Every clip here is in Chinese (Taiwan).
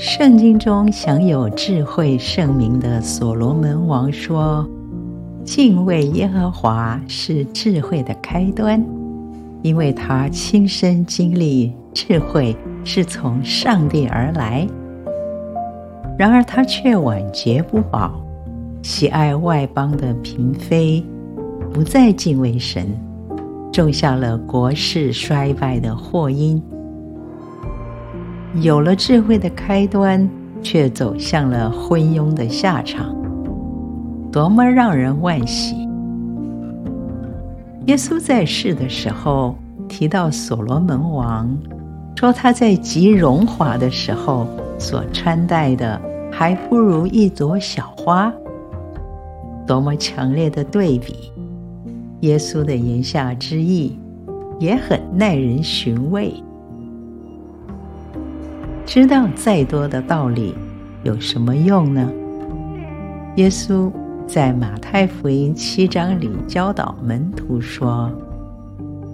聖經中享有智慧盛名的所羅門王說：“敬畏耶和華是智慧的開端，因為他親身經歷智慧是從上帝而來。然而他卻晚節不保，喜愛外邦的嬪妃，不再敬畏神，種下了國勢衰敗的禍因。”有了智慧的開端，卻走向了昏庸的下場，多麼讓人惋惜！耶穌在世的時候提到所羅門王，說他在極榮華的時候所穿戴的，還不如一朵小花，多麼強烈的對比！耶穌的言下之意也很耐人尋味。知道再多的道理有什麼用呢？耶穌在馬太福音七章裡教導門徒說：“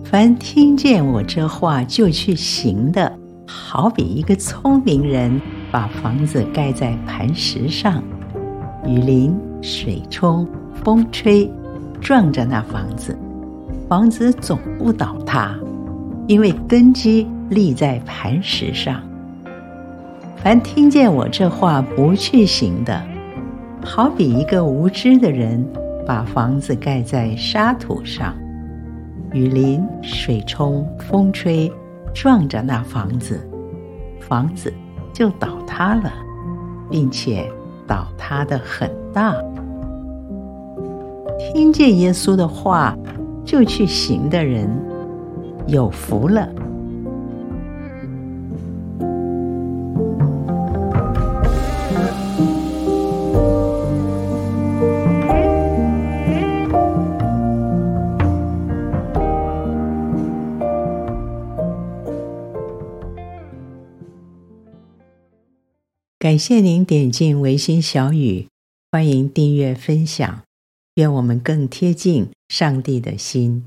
凡聽見我這話就去行的，好比一個聰明人把房子蓋在磐石上。雨淋、水沖、風吹，撞着那房子，房子總不倒塌，因為根基立在磐石上。”凡聽見我這話不去行的，好比一個無知的人，把房子蓋在沙土上，雨淋、水沖、風吹，撞着那房子，房子就倒塌了，並且倒塌得很大。聽見耶穌的話就去行的人，有福了。感謝您點進唯心小語，歡迎訂閱分享，願我們更貼近上帝的心。